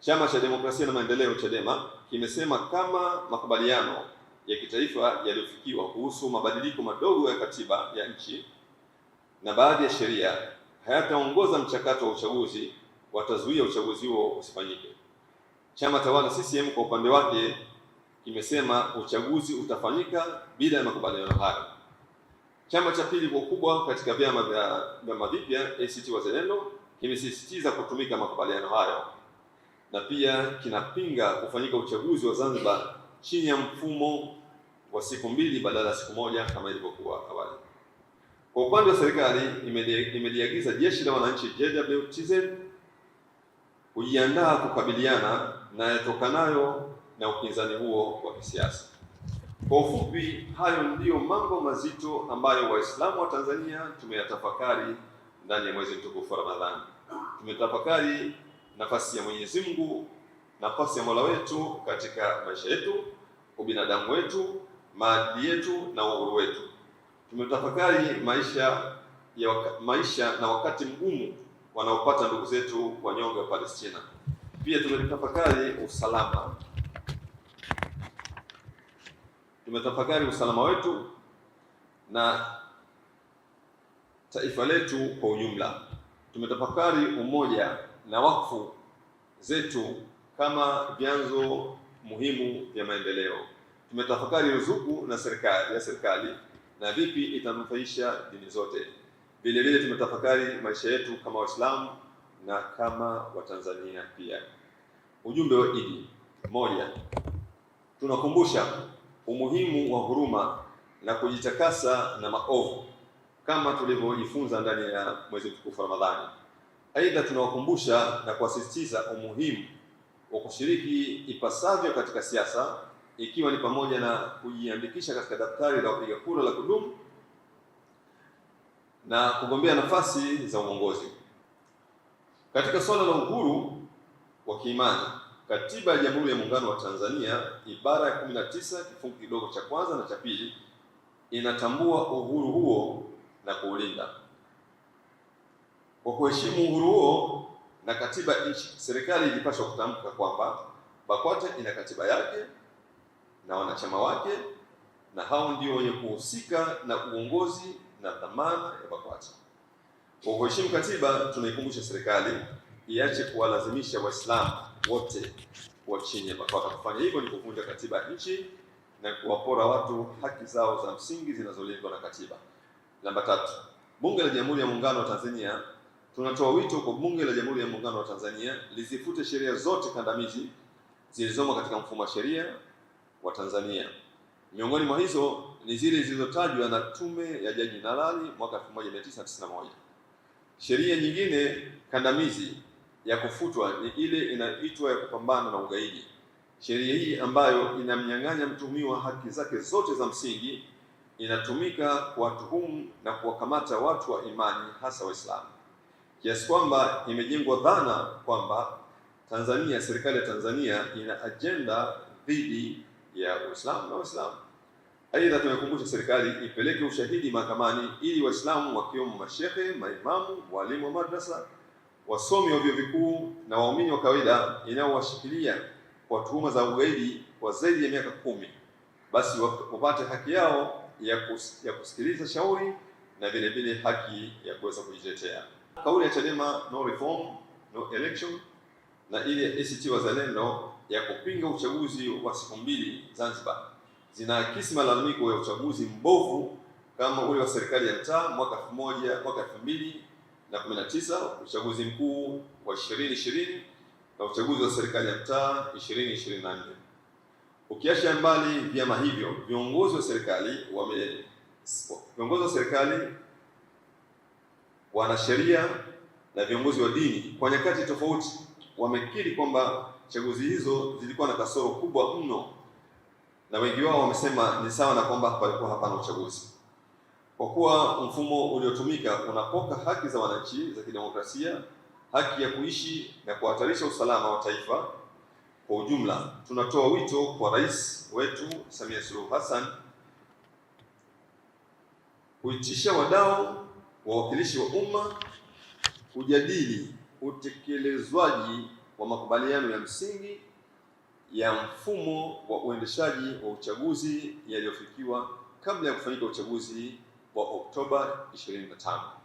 Chama cha Demokrasia na Maendeleo Chadema kimesema kama makubaliano ya kitaifa yaliyofikiwa kuhusu mabadiliko madogo ya katiba ya nchi na baadhi ya sheria hayataongoza mchakato wa uchaguzi, watazuia uchaguzi huo usifanyike. Chama tawala CCM kwa upande wake kimesema uchaguzi utafanyika bila ya makubaliano hayo. Chama cha pili kwa ukubwa katika vyama vya vyama vipya ACT Wazalendo kimesisitiza kutumika makubaliano hayo na pia kinapinga kufanyika uchaguzi wa Zanzibar chini ya mfumo wa siku mbili badala ya siku moja kama ilivyokuwa awali. Kwa upande wa serikali imeliagiza jeshi la wananchi JWTZ kujiandaa kukabiliana na yatokanayo na upinzani huo wa kisiasa. Kwa ufupi, hayo ndiyo mambo mazito ambayo Waislamu wa Tanzania tumeyatafakari ndani ya mwezi mtukufu wa Ramadhani. Tumetafakari nafasi ya Mwenyezi Mungu, nafasi ya Mola wetu katika maisha yetu, ubinadamu wetu, maadili yetu na uhuru wetu. Tumetafakari maisha ya waka, maisha na wakati mgumu wanaopata ndugu zetu wanyonge wa Palestina. Pia tumetafakari usalama, tumetafakari usalama wetu na taifa letu kwa ujumla. Tumetafakari umoja na wakfu zetu kama vyanzo muhimu vya maendeleo. Tumetafakari ruzuku na serikali ya serikali na vipi itanufaisha dini zote. Vile vile tumetafakari maisha yetu kama Waislamu na kama Watanzania pia. Ujumbe wa Idi: moja, tunakumbusha umuhimu wa huruma na kujitakasa na maovu kama tulivyojifunza ndani ya mwezi mtukufu Ramadhani. Aidha, tunawakumbusha na kuwasisitiza umuhimu wa kushiriki ipasavyo katika siasa, ikiwa ni pamoja na kujiandikisha katika daftari la wapiga kura la kudumu na kugombea nafasi za uongozi. Katika suala la uhuru wa kiimani, Katiba ya Jamhuri ya Muungano wa Tanzania ibara ya 19 kifungu kidogo cha kwanza na cha pili inatambua uhuru huo na kuulinda. Kwa kuheshimu uhuru huo na katiba nchi, serikali ilipaswa kutamka kwamba BAKWATE ina katiba yake na wanachama wake, na hao ndio wenye kuhusika na uongozi na dhamana ya BAKWATE. Kwa kuheshimu katiba, tunaikumbusha serikali iache kuwalazimisha Waislamu wote kuwa chini ya BAKWATE. Kufanya hivyo ni kuvunja katiba nchi na kuwapora watu haki zao za msingi zinazolindwa na katiba. Namba tatu, Bunge la Jamhuri ya Muungano wa Tanzania Tunatoa wito kwa Bunge la Jamhuri ya Muungano wa Tanzania lizifute sheria zote kandamizi zilizomo katika mfumo wa sheria wa Tanzania. Miongoni mwa hizo ni zile zilizotajwa na Tume ya Jaji Nalali mwaka 1991. Sheria nyingine kandamizi ya kufutwa ni ile inaitwa ya kupambana na ugaidi. Sheria hii ambayo inamnyang'anya mtuhumiwa haki zake zote za msingi inatumika kuwatuhumu na kuwakamata watu wa imani hasa Waislamu kiasi kwamba imejengwa dhana kwamba Tanzania, serikali ya Tanzania ina ajenda dhidi ya Uislamu na Waislamu. Aidha, tumekumbusha serikali ipeleke ushahidi mahakamani ili Waislamu wakiwemo mashehe, maimamu, walimu wa madrasa, wasomi wa vyuo vikuu na waumini wa kawaida inaowashikilia kwa tuhuma za ugaidi kwa zaidi ya miaka kumi, basi wapate haki yao ya, kus, ya kusikiliza shauri na vile vile haki ya kuweza kujitetea. Kauli ya Chadema no reform no election na ile ya ACT Wazalendo ya kupinga uchaguzi wa siku mbili Zanzibar zinaakisi malalamiko ya uchaguzi mbovu kama ule wa serikali ya mtaa mwaka 2019, uchaguzi mkuu wa 2020 na uchaguzi wa serikali ya mtaa 2024. Ukiacha mbali vyama hivyo, viongozi wa serikali wame viongozi wa serikali wanasheria na viongozi wa dini kwa nyakati tofauti wamekiri kwamba chaguzi hizo zilikuwa na kasoro kubwa mno, na wengi wao wamesema ni sawa na kwamba palikuwa hapana uchaguzi, kwa kuwa mfumo uliotumika unapoka haki za wananchi za kidemokrasia, haki ya kuishi na kuhatarisha usalama wa taifa kwa ujumla. Tunatoa wito kwa rais wetu Samia Suluhu Hassan kuitisha wadau wawakilishi wa umma kujadili utekelezwaji wa makubaliano ya msingi ya mfumo wa uendeshaji wa uchaguzi yaliyofikiwa kabla ya kufanyika uchaguzi wa Oktoba 25.